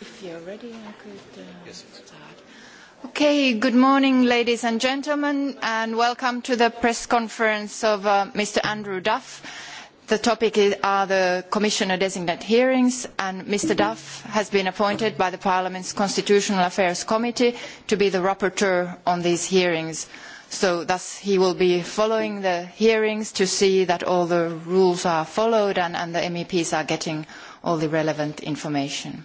If you're ready, I could uh, yes. start. Okay, good morning, ladies and gentlemen, and welcome to the press conference of uh, Mr. Andrew Duff. The topic is, are the commissioner-designate hearings, and Mr. Duff has been appointed by the Parliament's Constitutional Affairs Committee to be the rapporteur on these hearings. So thus he will be following the hearings to see that all the rules are followed and, and the MEPs are getting all the relevant information.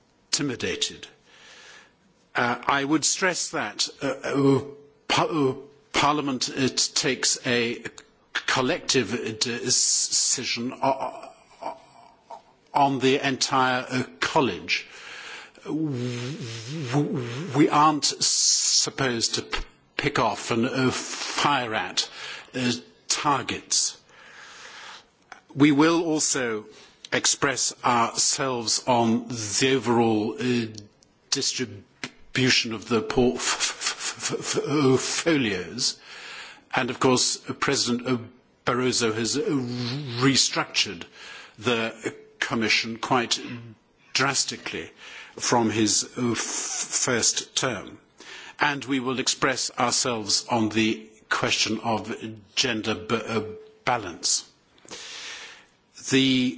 intimidated. Uh, I would stress that uh, uh, par- uh, Parliament it uh, takes a collective decision uh, uh, on the entire uh, college. We aren't supposed to pick off and uh, fire at uh, targets. We will also express ourselves on the overall uh, distribution of the portfolios. And of course, President Barroso has restructured the Commission quite drastically from his first term. And we will express ourselves on the question of gender uh, balance. The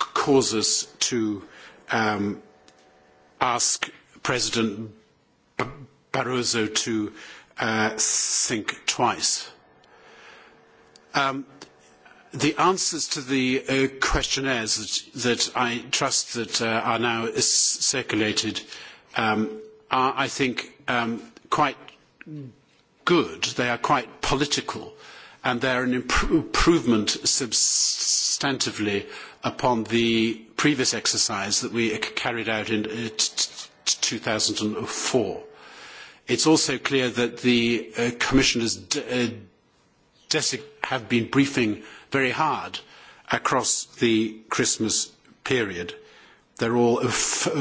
cause us to um, ask President B- Barroso to uh, think twice. Um, the answers to the uh, questionnaires that, that I trust that uh, are now circulated um, are, I think, um, quite good. They are quite political, and they're an imp- improvement substantively uh, upon the previous exercise that we carried out in uh, 2004. It's also clear that the uh, commissioners de uh, have been briefing very hard across the Christmas period. They're all f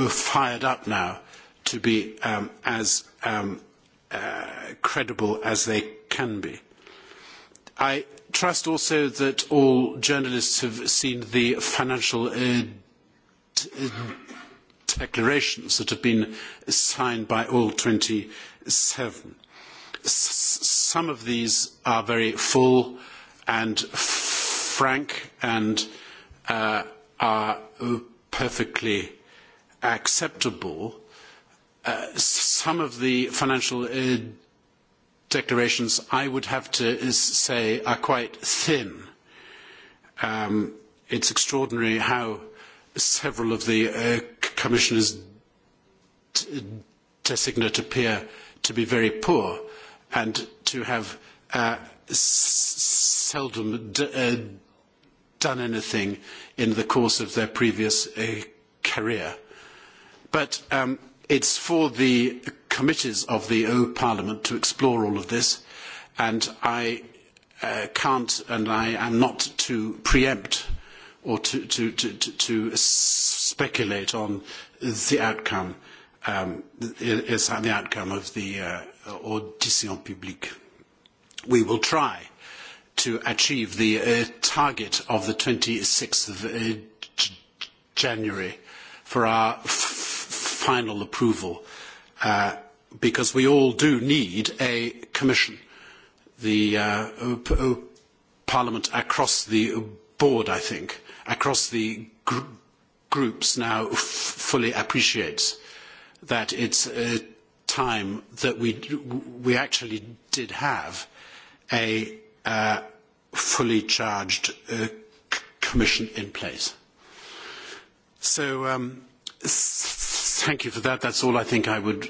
fired up now to be um, as um, uh, credible as they can be. I trust also that all journalists have seen the financial uh, uh declarations that have been signed by all 27. S some of these are very full and frank and uh, are perfectly acceptable. Uh, some of the financial uh, declarations, I would have to say, are quite thin. Um, it's extraordinary how several of the uh, commissioners t- designate appear to be very poor and to have uh, s- seldom d- uh, done anything in the course of their previous uh, career. But um, it's for the committees of the EU Parliament to explore all of this, and I uh, can't and I am not to preempt or to, to, to, to, to speculate on the outcome um, is the outcome of the uh, audition publique. We will try to achieve the uh, target of the 26th of uh, January for our f- final approval uh, because we all do need a commission. The uh, p- oh, Parliament across the board, I think, across the gr- groups now f- fully appreciates that it's uh, time that we we actually did have a uh, fully charged uh, c- commission in place. So um, s- thank you for that. That's all I think I would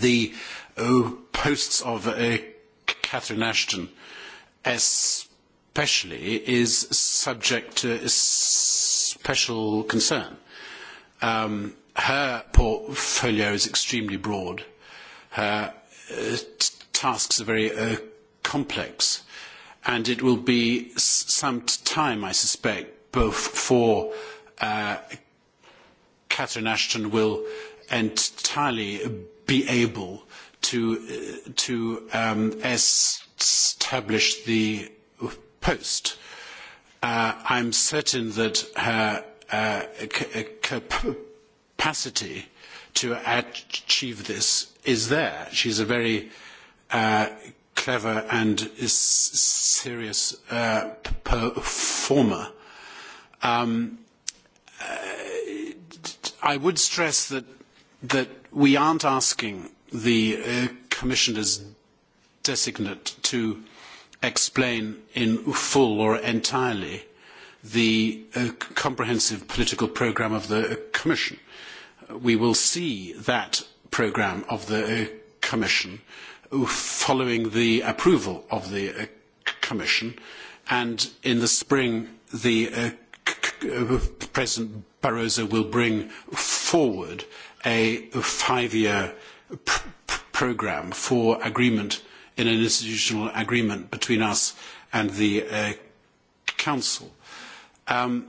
the oh, posts of uh, Catherine Ashton, especially, is subject to special concern. Um, her portfolio is extremely broad. Her uh, t- tasks are very uh, complex. And it will be s- some time, I suspect, before uh, Catherine Ashton will entirely be able to, uh, to um, establish the post. Uh, I'm certain that her uh, c- uh, capacity to achieve this is there. She's a very uh, clever and serious uh, performer. Um, uh, I would stress that that we aren't asking the uh, commissioners designate to explain in full or entirely the uh, comprehensive political programme of the uh, Commission. We will see that programme of the uh, Commission following the approval of the uh, Commission and in the spring the uh, uh President Barroso will bring forward a five-year pr- pr- program for agreement in an institutional agreement between us and the uh, council. Um,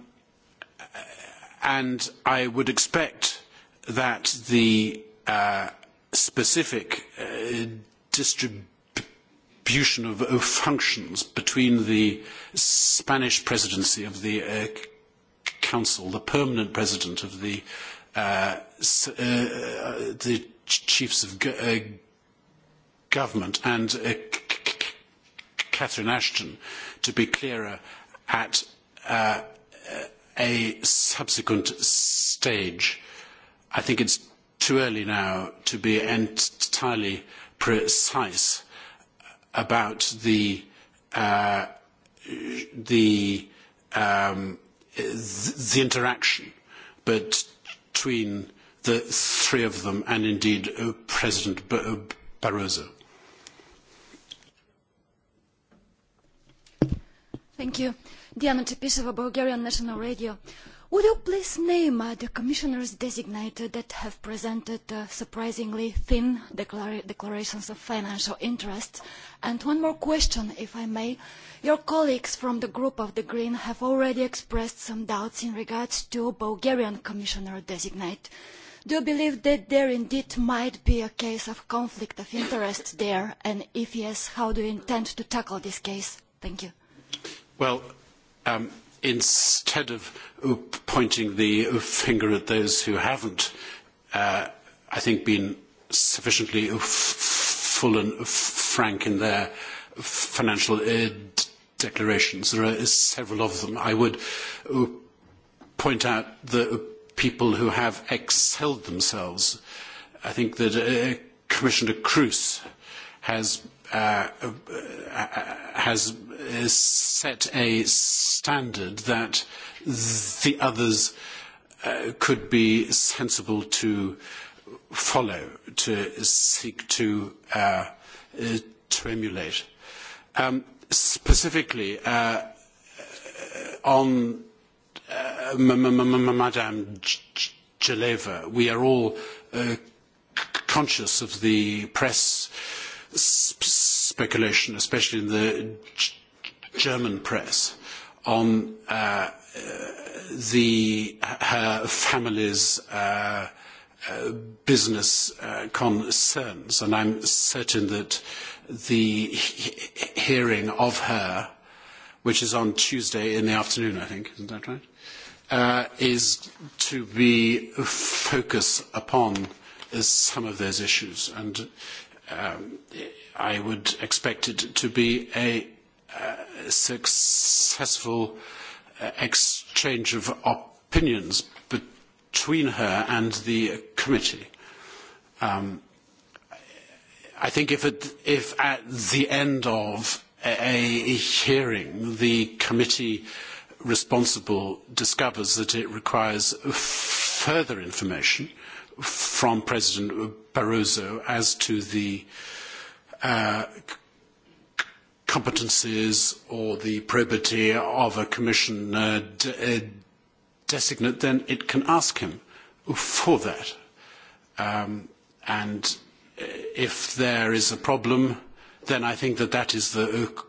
and I would expect that the uh, specific uh, distribution of, of functions between the Spanish presidency of the uh, Council, the permanent president of the uh, so, uh, the chiefs of go- uh, government and uh, Catherine Ashton to be clearer at uh, a subsequent stage. I think it's too early now to be entirely precise about the uh, the um, the interaction between uh, the three of them, and indeed uh, President B- uh, Barroso. Thank you. Diana Tepisova, Bulgarian National Radio. Would you please name uh, the commissioners designated that have presented uh, surprisingly thin declara- declarations of financial interests? And one more question, if I may. Your colleagues from the group of the Green have already expressed some doubts in regards to Bulgarian commissioner designate. Uh, do you believe that there indeed might be a case of conflict of interest there? And if yes, how do you intend to tackle this case? Thank you. Well, um, instead of pointing the finger at those who haven't, uh, I think, been sufficiently full and frank in their financial uh, declarations. There are several of them. I would uh, point out the people who have excelled themselves. I think that uh, Commissioner Cruz has uh, uh has uh, set a standard that the others uh, could be sensible to follow, to seek to uh, uh, to emulate. Um, specifically uh, on Madame Geleva, we are all uh, conscious of the press speculation, especially in the German press, on uh, the her family's uh, uh, business uh, concerns, and I'm certain that the he- hearing of her, which is on Tuesday in the afternoon, I think, isn't that right? Uh, uh, is to be focus upon is some of those issues. And um, I would expect it to be a, a uh, successful uh, exchange of opinions between her and the committee. Um, I think if, it, if at the end of a, a hearing the committee uh, responsible discovers that it requires further information from President Barroso as to the uh, competencies or the probity of a commission uh, de- uh, designate, then it can ask him for that. Um, and if there is a problem, then I think that that is the uh,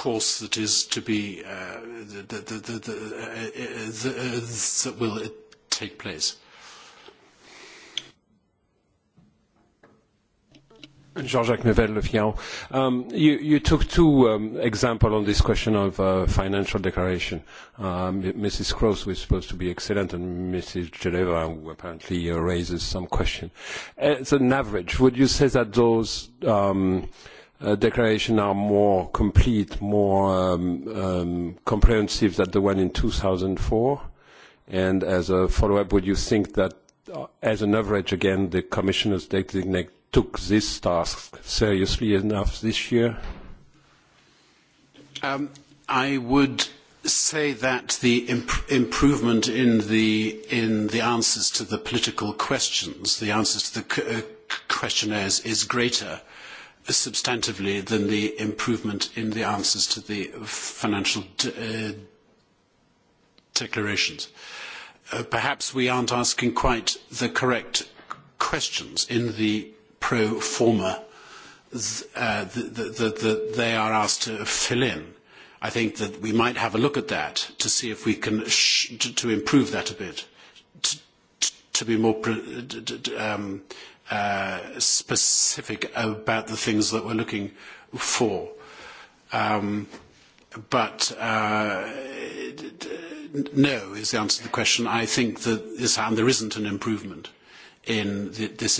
course that is to be uh, that, that, that, that uh, uh, uh, will take place. Jean-Jacques Nevel, Le Figaro. Um, you, you took two um, examples on this question of uh, financial declaration. Um, Mrs. Cross was supposed to be excellent, and Mrs. Geneva, who apparently uh, raises some question. As an average, would you say that those um, uh, uh, declaration are more complete, more um, um, comprehensive than the one in 2004? And as a follow-up, would you think that, uh, as an average, again, the commissioners designate took this task seriously enough this year? Um, I would say that the imp improvement in the in the answers to the political questions, the answers to the uh, questionnaires, is greater uh, substantively than the improvement in the answers to the financial de uh, declarations. Uh, perhaps we aren't asking quite the correct questions in the pro forma th uh, that the, the, the, they are asked to fill in. I think that we might have a look at that to see if we can sh to, to improve that a bit, to, to be more pre um, uh, specific about the things that we're looking for. Um, but uh, no is the answer to the question. I think that this, and there isn't an improvement in the, this